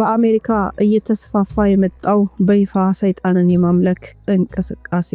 በአሜሪካ እየተስፋፋ የመጣው በይፋ ሰይጣንን የማምለክ እንቅስቃሴ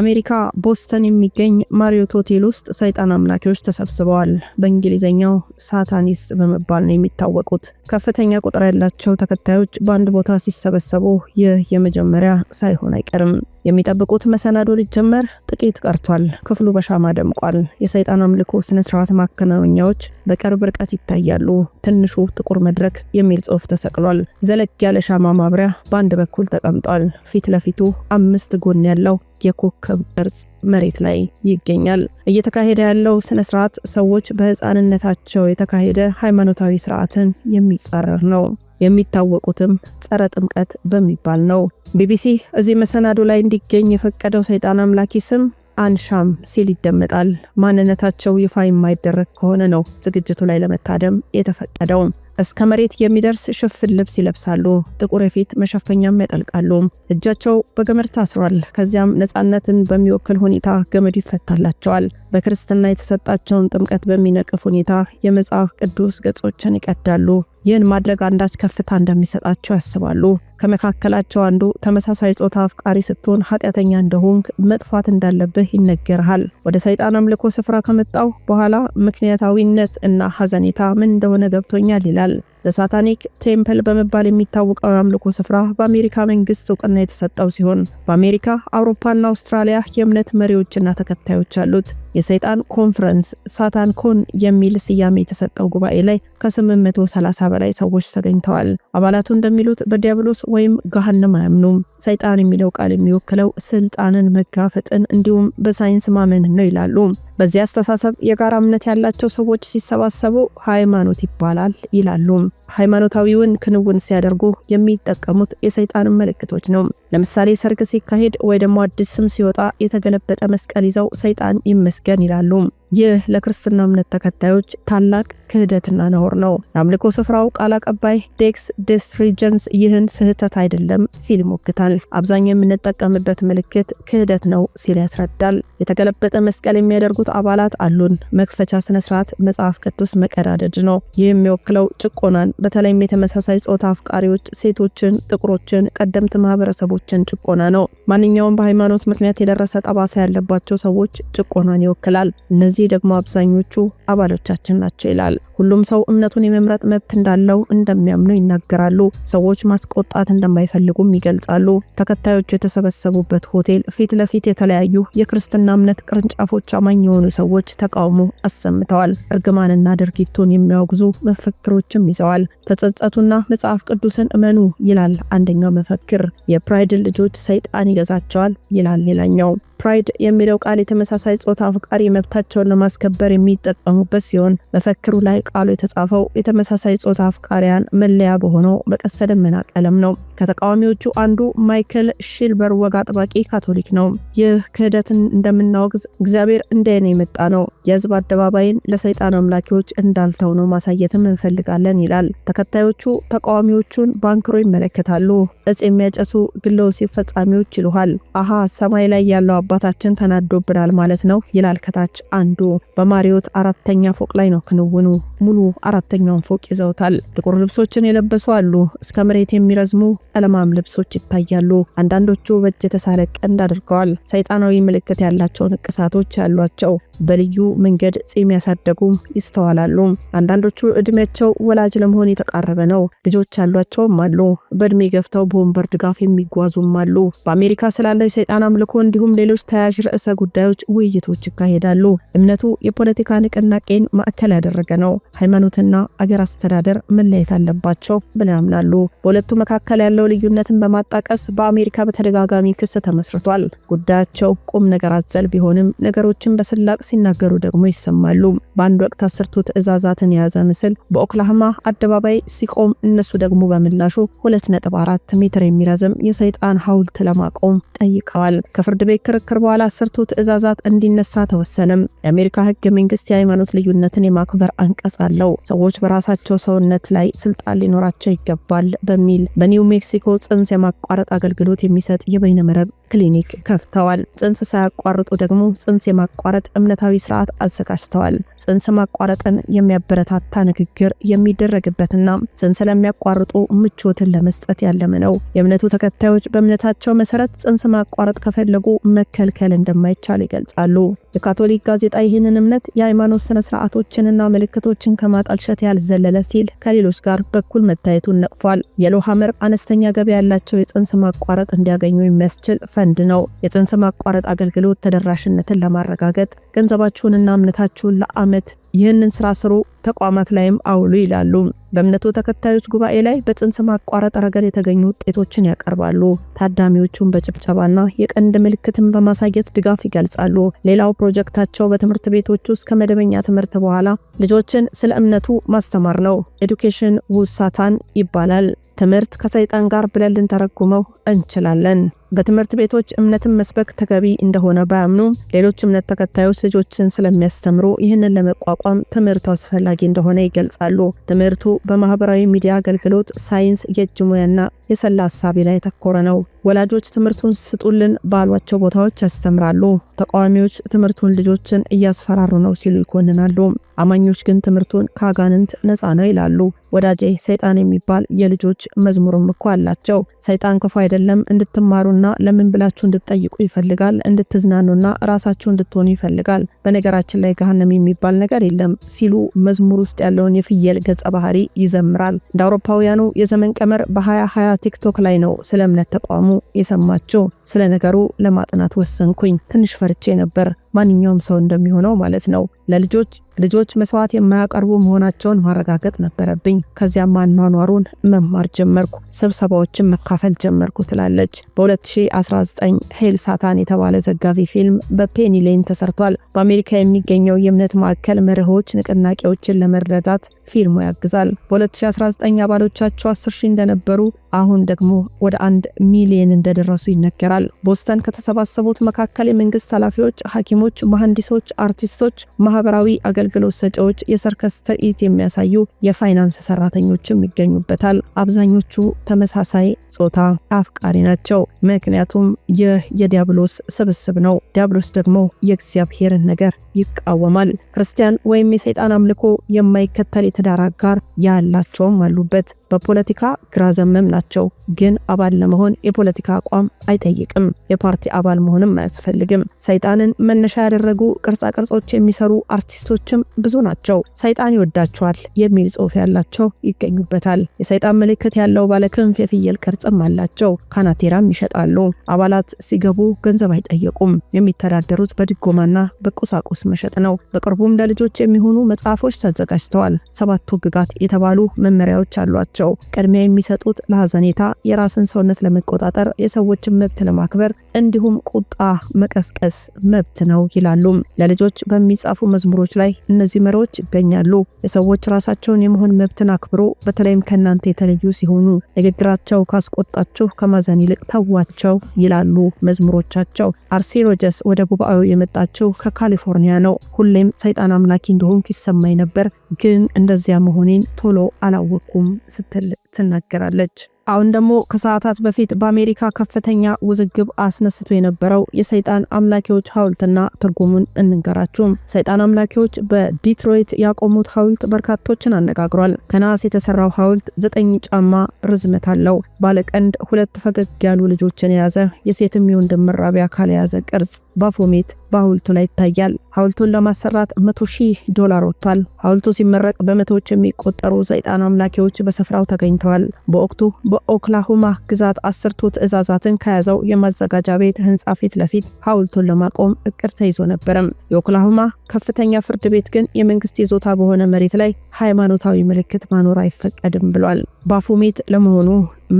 አሜሪካ ቦስተን የሚገኝ ማሪዮት ሆቴል ውስጥ ሰይጣን አምላኪዎች ተሰብስበዋል። በእንግሊዝኛው ሳታኒስ በመባል ነው የሚታወቁት። ከፍተኛ ቁጥር ያላቸው ተከታዮች በአንድ ቦታ ሲሰበሰቡ ይህ የመጀመሪያ ሳይሆን አይቀርም። የሚጠብቁት መሰናዶ ሊጀመር ጥቂት ቀርቷል። ክፍሉ በሻማ ደምቋል። የሰይጣን አምልኮ ስነ ስርዓት ማከናወኛዎች በቅርብ ርቀት ይታያሉ። ትንሹ ጥቁር መድረክ የሚል ጽሑፍ ተሰቅሏል። ዘለግ ያለ ሻማ ማብሪያ በአንድ በኩል ተቀምጧል። ፊት ለፊቱ አምስት ጎን ያለው የኮከብ ቅርጽ መሬት ላይ ይገኛል። እየተካሄደ ያለው ስነ ስርዓት ሰዎች በህፃንነታቸው የተካሄደ ሃይማኖታዊ ስርዓትን የሚጻረር ነው። የሚታወቁትም ጸረ ጥምቀት በሚባል ነው። ቢቢሲ እዚህ መሰናዶ ላይ እንዲገኝ የፈቀደው ሰይጣን አምላኪ ስም አንሻም ሲል ይደመጣል። ማንነታቸው ይፋ የማይደረግ ከሆነ ነው ዝግጅቱ ላይ ለመታደም የተፈቀደው። እስከ መሬት የሚደርስ ሽፍን ልብስ ይለብሳሉ። ጥቁር የፊት መሸፈኛም ያጠልቃሉ። እጃቸው በገመድ ታስሯል። ከዚያም ነፃነትን በሚወክል ሁኔታ ገመዱ ይፈታላቸዋል። በክርስትና የተሰጣቸውን ጥምቀት በሚነቅፍ ሁኔታ የመጽሐፍ ቅዱስ ገጾችን ይቀዳሉ። ይህን ማድረግ አንዳች ከፍታ እንደሚሰጣቸው ያስባሉ። ከመካከላቸው አንዱ ተመሳሳይ ጾታ አፍቃሪ ስትሆን ኃጢአተኛ እንደሆንክ መጥፋት እንዳለብህ ይነገርሃል። ወደ ሰይጣን አምልኮ ስፍራ ከመጣው በኋላ ምክንያታዊነት እና ሐዘኔታ ምን እንደሆነ ገብቶኛል ይላል። ዘሳታኒክ ቴምፕል በመባል የሚታወቀው የአምልኮ ስፍራ በአሜሪካ መንግስት እውቅና የተሰጠው ሲሆን በአሜሪካ አውሮፓና አውስትራሊያ የእምነት መሪዎችና ተከታዮች አሉት። የሰይጣን ኮንፈረንስ ሳታን ኮን የሚል ስያሜ የተሰጠው ጉባኤ ላይ ከ830 በላይ ሰዎች ተገኝተዋል። አባላቱ እንደሚሉት በዲያብሎስ ወይም ገሃነም አያምኑም። ሰይጣን የሚለው ቃል የሚወክለው ስልጣንን፣ መጋፈጥን እንዲሁም በሳይንስ ማመን ነው ይላሉ። በዚህ አስተሳሰብ የጋራ እምነት ያላቸው ሰዎች ሲሰባሰቡ ሃይማኖት ይባላል ይላሉ። ሃይማኖታዊውን ክንውን ሲያደርጉ የሚጠቀሙት የሰይጣን ምልክቶች ነው። ለምሳሌ ሰርግ ሲካሄድ ወይ ደግሞ አዲስ ስም ሲወጣ የተገለበጠ መስቀል ይዘው ሰይጣን ይመስገ ይመስገን ይላሉ። ይህ ለክርስትና እምነት ተከታዮች ታላቅ ክህደትና ነውር ነው። የአምልኮ ስፍራው ቃል አቀባይ ዴክስ ዲስሪጀንስ ይህን ስህተት አይደለም ሲል ይሞግታል። አብዛኛው የምንጠቀምበት ምልክት ክህደት ነው ሲል ያስረዳል። የተገለበጠ መስቀል የሚያደርጉት አባላት አሉን። መክፈቻ ስነስርዓት መጽሐፍ ቅዱስ መቀዳደድ ነው። ይህ የሚወክለው ጭቆናን፣ በተለይም የተመሳሳይ ጾታ አፍቃሪዎች፣ ሴቶችን፣ ጥቁሮችን፣ ቀደምት ማህበረሰቦችን ጭቆና ነው። ማንኛውም በሃይማኖት ምክንያት የደረሰ ጠባሳ ያለባቸው ሰዎች ጭቆናን ይወክላል። እነዚህ እነዚህ ደግሞ አብዛኞቹ አባሎቻችን ናቸው ይላል። ሁሉም ሰው እምነቱን የመምረጥ መብት እንዳለው እንደሚያምኑ ይናገራሉ። ሰዎች ማስቆጣት እንደማይፈልጉም ይገልጻሉ። ተከታዮቹ የተሰበሰቡበት ሆቴል ፊት ለፊት የተለያዩ የክርስትና እምነት ቅርንጫፎች አማኝ የሆኑ ሰዎች ተቃውሞ አሰምተዋል። እርግማንና ድርጊቱን የሚያወግዙ መፈክሮችም ይዘዋል። ተጸጸቱና መጽሐፍ ቅዱስን እመኑ ይላል አንደኛው መፈክር። የፕራይድን ልጆች ሰይጣን ይገዛቸዋል ይላል ሌላኛው። ፕራይድ የሚለው ቃል የተመሳሳይ ጾታ አፍቃሪ መብታቸውን ለማስከበር የሚጠቀሙበት ሲሆን መፈክሩ ላይ ቃሉ የተጻፈው የተመሳሳይ ጾታ አፍቃሪያን መለያ በሆነው በቀስተ ደመና ቀለም ነው። ከተቃዋሚዎቹ አንዱ ማይክል ሺልበር ወግ አጥባቂ ካቶሊክ ነው። ይህ ክህደትን እንደምናወግዝ እግዚአብሔር እንደኔ የመጣ ነው፣ የህዝብ አደባባይን ለሰይጣን አምላኪዎች እንዳልተው ነው ማሳየትም እንፈልጋለን ይላል። ተከታዮቹ ተቃዋሚዎቹን ባንክሮ ይመለከታሉ። እጽ የሚያጨሱ ግለ ወሲብ ፈጻሚዎች ይሉሃል። አሃ ሰማይ ላይ ያለው አባታችን ተናዶብናል ማለት ነው ይላል ከታች አንዱ። በማሪዮት አራተኛ ፎቅ ላይ ነው ክንውኑ። ሙሉ አራተኛውን ፎቅ ይዘውታል። ጥቁር ልብሶችን የለበሱ አሉ። እስከ መሬት የሚረዝሙ ቀለማም ልብሶች ይታያሉ። አንዳንዶቹ በእጅ የተሳለ ቀንድ አድርገዋል። ሰይጣናዊ ምልክት ያላቸው ንቅሳቶች ያሏቸው በልዩ መንገድ ጺም ያሳደጉም ይስተዋላሉ። አንዳንዶቹ እድሜያቸው ወላጅ ለመሆን የተቃረበ ነው። ልጆች ያሏቸውም አሉ። በእድሜ ገፍተው በወንበር ድጋፍ የሚጓዙም አሉ። በአሜሪካ ስላለው የሰይጣን አምልኮ እንዲሁም ሌሎች ሌሎች ተያዥ ርዕሰ ጉዳዮች ውይይቶች ይካሄዳሉ። እምነቱ የፖለቲካ ንቅናቄን ማዕከል ያደረገ ነው። ሃይማኖትና አገር አስተዳደር መለየት አለባቸው ብለው ያምናሉ። በሁለቱ መካከል ያለው ልዩነትን በማጣቀስ በአሜሪካ በተደጋጋሚ ክስ ተመስርቷል። ጉዳያቸው ቁም ነገር አዘል ቢሆንም ነገሮችን በስላቅ ሲናገሩ ደግሞ ይሰማሉ። በአንድ ወቅት አስርቱ ትዕዛዛትን የያዘ ምስል በኦክላህማ አደባባይ ሲቆም፣ እነሱ ደግሞ በምላሹ 2.4 ሜትር የሚረዝም የሰይጣን ሐውልት ለማቆም ጠይቀዋል። ከፍርድ ቤት ክርክ ክርክር በኋላ አስርቱ ትእዛዛት እንዲነሳ ተወሰነም። የአሜሪካ ህገ መንግስት የሃይማኖት ልዩነትን የማክበር አንቀጽ አለው። ሰዎች በራሳቸው ሰውነት ላይ ስልጣን ሊኖራቸው ይገባል በሚል በኒው ሜክሲኮ ጽንስ የማቋረጥ አገልግሎት የሚሰጥ የበይነ መረብ ክሊኒክ ከፍተዋል። ጽንስ ሳያቋርጡ ደግሞ ጽንስ የማቋረጥ እምነታዊ ስርዓት አዘጋጅተዋል። ጽንስ ማቋረጥን የሚያበረታታ ንግግር የሚደረግበትና ጽንስ ለሚያቋርጡ ምቾትን ለመስጠት ያለመ ነው። የእምነቱ ተከታዮች በእምነታቸው መሰረት ጽንስ ማቋረጥ ከፈለጉ መከልከል እንደማይቻል ይገልጻሉ። የካቶሊክ ጋዜጣ ይህንን እምነት የሃይማኖት ስነ ስርዓቶችንና ምልክቶችን ከማጠልሸት ያልዘለለ ሲል ከሌሎች ጋር በኩል መታየቱን ነቅፏል። የሎሃመር አነስተኛ ገቢ ያላቸው የጽንስ ማቋረጥ እንዲያገኙ የሚያስችል ፈንድ ነው። የጽንስ ማቋረጥ አገልግሎት ተደራሽነትን ለማረጋገጥ ገንዘባችሁንና እምነታችሁን ለአመት። ይህንን ስራ ስሩ፣ ተቋማት ላይም አውሉ ይላሉ። በእምነቱ ተከታዮች ጉባኤ ላይ በጽንስ ማቋረጥ ረገድ የተገኙ ውጤቶችን ያቀርባሉ። ታዳሚዎቹን በጭብጨባና የቀንድ ምልክትን በማሳየት ድጋፍ ይገልጻሉ። ሌላው ፕሮጀክታቸው በትምህርት ቤቶች ውስጥ ከመደበኛ ትምህርት በኋላ ልጆችን ስለ እምነቱ ማስተማር ነው። ኤዱኬሽን ውሳታን ይባላል። ትምህርት ከሰይጣን ጋር ብለን ልንተረጉመው እንችላለን። በትምህርት ቤቶች እምነትን መስበክ ተገቢ እንደሆነ ባያምኑም ሌሎች እምነት ተከታዮች ልጆችን ስለሚያስተምሩ ይህንን ለመቋቋም ለማቋቋም ትምህርቱ አስፈላጊ እንደሆነ ይገልጻሉ። ትምህርቱ በማህበራዊ ሚዲያ አገልግሎት፣ ሳይንስ፣ የእጅ ሙያና የሰላ ሀሳቢ ላይ የተኮረ ነው። ወላጆች ትምህርቱን ስጡልን ባሏቸው ቦታዎች ያስተምራሉ። ተቃዋሚዎች ትምህርቱን ልጆችን እያስፈራሩ ነው ሲሉ ይኮንናሉ። አማኞች ግን ትምህርቱን ከአጋንንት ነፃ ነው ይላሉ። ወዳጄ ሰይጣን የሚባል የልጆች መዝሙርም እኮ አላቸው። ሰይጣን ክፉ አይደለም፣ እንድትማሩና ለምን ብላችሁ እንድትጠይቁ ይፈልጋል፣ እንድትዝናኑና ራሳችሁ እንድትሆኑ ይፈልጋል። በነገራችን ላይ ገሃነም የሚባል ነገር የለም ሲሉ መዝሙር ውስጥ ያለውን የፍየል ገጸ ባህሪ ይዘምራል። እንደ አውሮፓውያኑ የዘመን ቀመር በ2020 ቲክቶክ ላይ ነው ስለ እምነት ተቋሙ የሰማቸው ስለ ነገሩ ለማጥናት ወሰንኩኝ። ትንሽ ፈርቼ ነበር ማንኛውም ሰው እንደሚሆነው ማለት ነው። ለልጆች ልጆች መስዋዕት የማያቀርቡ መሆናቸውን ማረጋገጥ ነበረብኝ። ከዚያም አኗኗሩን መማር ጀመርኩ፣ ስብሰባዎችን መካፈል ጀመርኩ ትላለች። በ2019 ሄል ሳታን የተባለ ዘጋቢ ፊልም በፔኒ ሌን ተሰርቷል። በአሜሪካ የሚገኘው የእምነት ማዕከል መርሆች ንቅናቄዎችን ለመረዳት ፊልሙ ያግዛል። በ2019 አባሎቻቸው 10 ሺህ እንደነበሩ አሁን ደግሞ ወደ አንድ ሚሊየን እንደደረሱ ይነገራል። ቦስተን ከተሰባሰቡት መካከል የመንግስት ኃላፊዎች፣ ሐኪሞች ባለሙያዎች፣ መሐንዲሶች፣ አርቲስቶች፣ ማህበራዊ አገልግሎት ሰጪዎች፣ የሰርከስ ትርኢት የሚያሳዩ የፋይናንስ ሰራተኞችም ይገኙበታል። አብዛኞቹ ተመሳሳይ ጾታ አፍቃሪ ናቸው፣ ምክንያቱም ይህ የዲያብሎስ ስብስብ ነው። ዲያብሎስ ደግሞ የእግዚአብሔርን ነገር ይቃወማል። ክርስቲያን ወይም የሰይጣን አምልኮ የማይከተል የትዳር አጋር ያላቸውም አሉበት። በፖለቲካ ግራ ዘመም ናቸው፣ ግን አባል ለመሆን የፖለቲካ አቋም አይጠይቅም። የፓርቲ አባል መሆንም አያስፈልግም። ሰይጣንን መነ መነሻ ያደረጉ ቅርጻ ቅርጾች የሚሰሩ አርቲስቶችም ብዙ ናቸው። ሰይጣን ይወዳቸዋል የሚል ጽሑፍ ያላቸው ይገኙበታል። የሰይጣን ምልክት ያለው ባለክንፍ የፍየል ቅርጽም አላቸው። ካናቴራም ይሸጣሉ። አባላት ሲገቡ ገንዘብ አይጠየቁም። የሚተዳደሩት በድጎማና በቁሳቁስ መሸጥ ነው። በቅርቡም ለልጆች የሚሆኑ መጽሐፎች ተዘጋጅተዋል። ሰባት ግጋት የተባሉ መመሪያዎች አሏቸው። ቅድሚያ የሚሰጡት ለሐዘኔታ፣ የራስን ሰውነት ለመቆጣጠር፣ የሰዎችን መብት ለማክበር እንዲሁም ቁጣ መቀስቀስ መብት ነው ነው ይላሉ። ለልጆች በሚጻፉ መዝሙሮች ላይ እነዚህ መሪዎች ይገኛሉ። የሰዎች ራሳቸውን የመሆን መብትን አክብሮ በተለይም ከእናንተ የተለዩ ሲሆኑ ንግግራቸው ካስቆጣችሁ ከማዘን ይልቅ ተዋቸው ይላሉ መዝሙሮቻቸው። አርሲ ሮጀስ ወደ ቡባኤው የመጣችው ከካሊፎርኒያ ነው። ሁሌም ሰይጣን አምላኪ እንደሆንኩ ይሰማኝ ነበር፣ ግን እንደዚያ መሆኔን ቶሎ አላወቅኩም ስትል ትናገራለች። አሁን ደግሞ ከሰዓታት በፊት በአሜሪካ ከፍተኛ ውዝግብ አስነስቶ የነበረው የሰይጣን አምላኪዎች ሐውልትና ትርጉሙን እንንገራችሁም። ሰይጣን አምላኪዎች በዲትሮይት ያቆሙት ሐውልት በርካቶችን አነጋግሯል። ከነሐስ የተሰራው ሐውልት ዘጠኝ ጫማ ርዝመት አለው። ባለቀንድ ሁለት ፈገግ ያሉ ልጆችን የያዘ የሴትም የወንድም መራቢያ አካል የያዘ ቅርጽ ባፎሜት በሐውልቱ ላይ ይታያል። ሐውልቱን ለማሰራት 100 ሺህ ዶላር ወጥቷል። ሐውልቱ ሲመረቅ በመቶዎች የሚቆጠሩ ሰይጣን አምላኪዎች በስፍራው ተገኝተዋል። በወቅቱ በኦክላሆማ ግዛት አስርቱ ትዕዛዛትን ከያዘው የማዘጋጃ ቤት ህንፃ ፊት ለፊት ሐውልቱን ለማቆም እቅድ ተይዞ ነበረም። የኦክላሆማ ከፍተኛ ፍርድ ቤት ግን የመንግስት ይዞታ በሆነ መሬት ላይ ሃይማኖታዊ ምልክት ማኖር አይፈቀድም ብሏል። ባፉሜት ለመሆኑ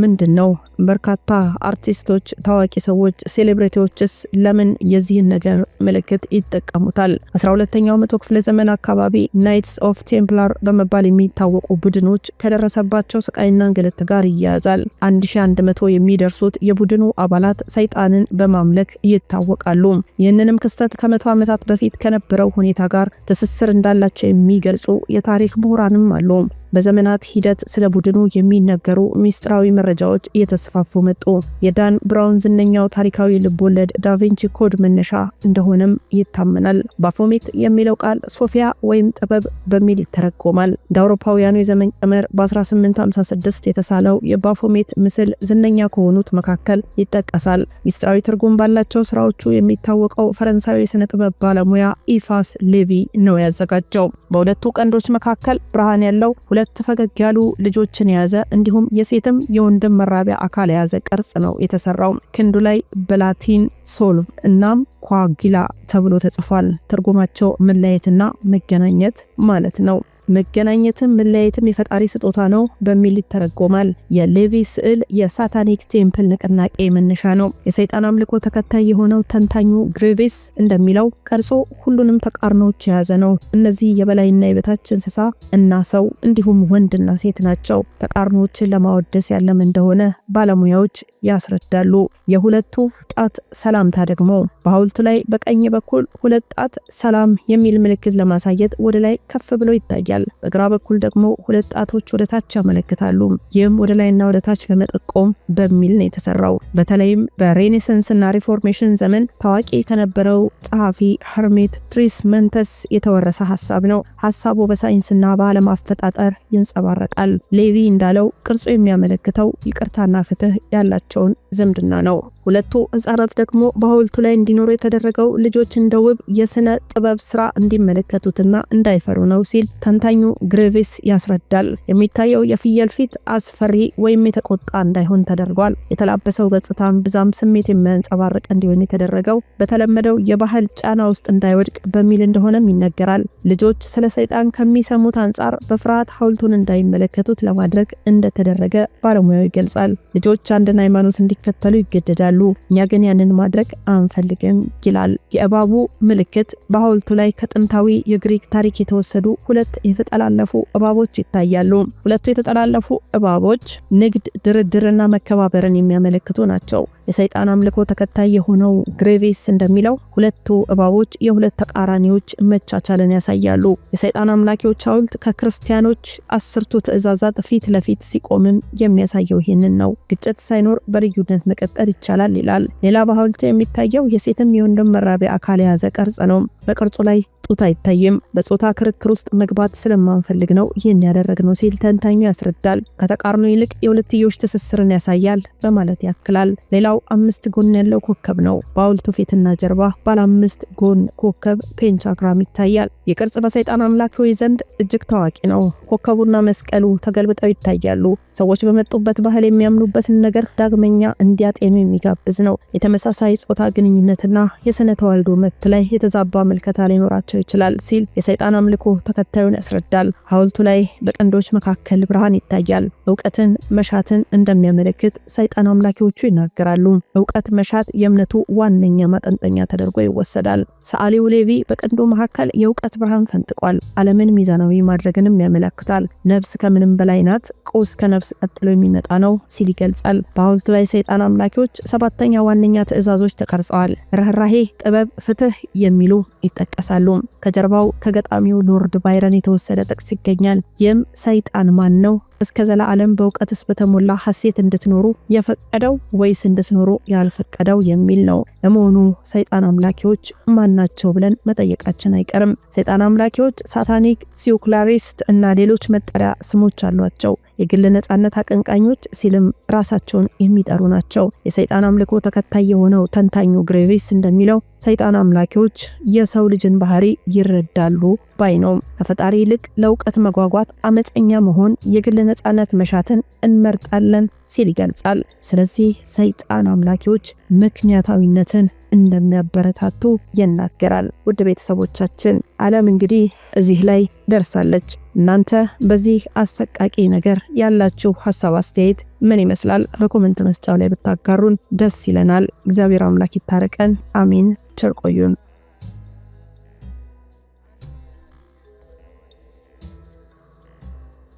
ምንድን ነው? በርካታ አርቲስቶች፣ ታዋቂ ሰዎች፣ ሴሌብሬቲዎችስ ለምን የዚህን ነገር ምልክት ይጠቀሙታል? 12ኛው መቶ ክፍለ ዘመን አካባቢ ናይትስ ኦፍ ቴምፕላር በመባል የሚታወቁ ቡድኖች ከደረሰባቸው ስቃይና እንግልት ጋር ይያያዛል። 1100 የሚደርሱት የቡድኑ አባላት ሰይጣንን በማምለክ ይታወቃሉ። ይህንንም ክስተት ከመቶ ዓመታት በፊት ከነበረው ሁኔታ ጋር ትስስር እንዳላቸው የሚገልጹ የታሪክ ምሁራንም አሉ። በዘመናት ሂደት ስለ ቡድኑ የሚነገሩ ሚስጥራዊ መረጃዎች እየተስፋፉ መጡ። የዳን ብራውን ዝነኛው ታሪካዊ ልቦወለድ ዳቪንቺ ኮድ መነሻ እንደሆነም ይታመናል። ባፎሜት የሚለው ቃል ሶፊያ ወይም ጥበብ በሚል ይተረጎማል። እንደ አውሮፓውያኑ የዘመን ቀመር በ1856 የተሳለው የባፎሜት ምስል ዝነኛ ከሆኑት መካከል ይጠቀሳል። ሚስጥራዊ ትርጉም ባላቸው ስራዎቹ የሚታወቀው ፈረንሳዊ የስነ ጥበብ ባለሙያ ኢፋስ ሌቪ ነው ያዘጋጀው። በሁለቱ ቀንዶች መካከል ብርሃን ያለው ሁለ። ሁለት ፈገግ ያሉ ልጆችን የያዘ እንዲሁም የሴትም የወንድም መራቢያ አካል የያዘ ቅርጽ ነው የተሰራው። ክንዱ ላይ በላቲን ሶልቭ እናም ኳጊላ ተብሎ ተጽፏል። ትርጉማቸው መለየትና መገናኘት ማለት ነው። መገናኘትም መለያየትም የፈጣሪ ስጦታ ነው በሚል ይተረጎማል። የሌቪ ስዕል የሳታኒክ ቴምፕል ንቅናቄ መነሻ ነው። የሰይጣን አምልኮ ተከታይ የሆነው ተንታኙ ግሬቪስ እንደሚለው ቀርጾ ሁሉንም ተቃርኖዎች የያዘ ነው። እነዚህ የበላይና የበታች እንስሳ እና ሰው እንዲሁም ወንድና ሴት ናቸው። ተቃርኖዎችን ለማወደስ ያለም እንደሆነ ባለሙያዎች ያስረዳሉ። የሁለቱ ጣት ሰላምታ ደግሞ በሐውልቱ ላይ በቀኝ በኩል ሁለት ጣት ሰላም የሚል ምልክት ለማሳየት ወደ ላይ ከፍ ብሎ ይታያል። ይታያል። በግራ በኩል ደግሞ ሁለት ጣቶች ወደ ታች ያመለክታሉ። ይህም ወደ ላይና ወደ ታች ለመጠቆም በሚል ነው የተሰራው። በተለይም በሬኔሰንስና ሪፎርሜሽን ዘመን ታዋቂ ከነበረው ጸሐፊ ሄርሜት ትሪስመንተስ የተወረሰ ሀሳብ ነው። ሀሳቡ በሳይንስና በዓለም አፈጣጠር ይንጸባረቃል። ሌቪ እንዳለው ቅርጹ የሚያመለክተው ይቅርታና ፍትህ ያላቸውን ዝምድና ነው። ሁለቱ ህጻናት ደግሞ በሐውልቱ ላይ እንዲኖሩ የተደረገው ልጆች እንደ ውብ የስነ ጥበብ ስራ እንዲመለከቱትና እንዳይፈሩ ነው ሲል ተንተ ተንታኙ ግሬቪስ ያስረዳል። የሚታየው የፍየል ፊት አስፈሪ ወይም የተቆጣ እንዳይሆን ተደርጓል። የተላበሰው ገጽታም ብዛም ስሜት የሚያንጸባርቅ እንዲሆን የተደረገው በተለመደው የባህል ጫና ውስጥ እንዳይወድቅ በሚል እንደሆነም ይነገራል። ልጆች ስለ ሰይጣን ከሚሰሙት አንጻር በፍርሃት ሐውልቱን እንዳይመለከቱት ለማድረግ እንደተደረገ ባለሙያው ይገልጻል። ልጆች አንድን ሃይማኖት እንዲከተሉ ይገደዳሉ፣ እኛ ግን ያንን ማድረግ አንፈልግም ይላል። የእባቡ ምልክት በሐውልቱ ላይ ከጥንታዊ የግሪክ ታሪክ የተወሰዱ ሁለት የተጠላለፉ እባቦች ይታያሉ። ሁለቱ የተጠላለፉ እባቦች ንግድ፣ ድርድርና መከባበርን የሚያመለክቱ ናቸው። የሰይጣን አምልኮ ተከታይ የሆነው ግሬቬስ እንደሚለው ሁለቱ እባቦች የሁለት ተቃራኒዎች መቻቻልን ያሳያሉ። የሰይጣን አምላኪዎች ሐውልት ከክርስቲያኖች አስርቱ ትእዛዛት ፊት ለፊት ሲቆምም የሚያሳየው ይህንን ነው። ግጭት ሳይኖር በልዩነት መቀጠል ይቻላል ይላል። ሌላ በሐውልቱ የሚታየው የሴትም የወንድም መራቢያ አካል የያዘ ቅርጽ ነው። በቅርጹ ላይ ጡት አይታይም። በጾታ ክርክር ውስጥ መግባት ስለማንፈልግ ነው ይህን ያደረግነው ሲል ተንታኙ ያስረዳል። ከተቃርኖ ይልቅ የሁለትዮሽ ትስስርን ያሳያል በማለት ያክላል። ሌላው አምስት ጎን ያለው ኮከብ ነው። በሐውልቱ ፊትና ጀርባ ባለ አምስት ጎን ኮከብ ፔንቻግራም ይታያል። የቅርጽ በሰይጣን አምላኪዎች ዘንድ እጅግ ታዋቂ ነው። ኮከቡና መስቀሉ ተገልብጠው ይታያሉ። ሰዎች በመጡበት ባህል የሚያምኑበትን ነገር ዳግመኛ እንዲያጤኑ የሚጋብዝ ነው። የተመሳሳይ ጾታ ግንኙነትና የስነ ተዋልዶ መብት ላይ የተዛባ ምልከታ ሊኖራቸው ይችላል ሲል የሰይጣን አምልኮ ተከታዩን ያስረዳል። ያስረዳል። ሐውልቱ ላይ በቀንዶች መካከል ብርሃን ይታያል። እውቀትን መሻትን እንደሚያመለክት ሰይጣን አምላኪዎቹ ይናገራሉ። እውቀት መሻት የእምነቱ ዋነኛ ማጠንጠኛ ተደርጎ ይወሰዳል። ሰዓሊው ሌቪ በቀንዶ መካከል የእውቀት ብርሃን ፈንጥቋል። ዓለምን ሚዛናዊ ማድረግንም ያመለክታል። ነፍስ ከምንም በላይ ናት፣ ቁስ ከነብስ ቀጥሎ የሚመጣ ነው ሲል ይገልጻል። በሐውልቱ ላይ ሰይጣን አምላኪዎች ሰባተኛ ዋነኛ ትእዛዞች ተቀርጸዋል። ርኅራሄ፣ ጥበብ፣ ፍትህ የሚሉ ይጠቀሳሉ። ከጀርባው ከገጣሚው ሎርድ ባይረን የተወሰ የወሰደ ጥቅስ ይገኛል። ይህም ሰይጣን ማን ነው እስከ ዘላለም በእውቀትስ በተሞላ ሐሴት እንድትኖሩ የፈቀደው ወይስ እንድትኖሩ ያልፈቀደው የሚል ነው። ለመሆኑ ሰይጣን አምላኪዎች ማናቸው ብለን መጠየቃችን አይቀርም። ሰይጣን አምላኪዎች ሳታኒክ፣ ሲውክላሪስት እና ሌሎች መጠሪያ ስሞች አሏቸው። የግል ነጻነት አቀንቃኞች ሲልም ራሳቸውን የሚጠሩ ናቸው። የሰይጣን አምልኮ ተከታይ የሆነው ተንታኙ ግሬቪስ እንደሚለው ሰይጣን አምላኪዎች የሰው ልጅን ባህሪ ይረዳሉ ባይ ነው። ከፈጣሪ ይልቅ ለእውቀት መጓጓት፣ አመፀኛ መሆን፣ የግል ነፃነት መሻትን እንመርጣለን ሲል ይገልጻል። ስለዚህ ሰይጣን አምላኪዎች ምክንያታዊነትን እንደሚያበረታቱ ይናገራል። ውድ ቤተሰቦቻችን ዓለም እንግዲህ እዚህ ላይ ደርሳለች። እናንተ በዚህ አሰቃቂ ነገር ያላችሁ ሀሳብ አስተያየት ምን ይመስላል? በኮመንት መስጫው ላይ ብታጋሩን ደስ ይለናል። እግዚአብሔር አምላክ ይታረቀን። አሚን። ቸር ቆዩን።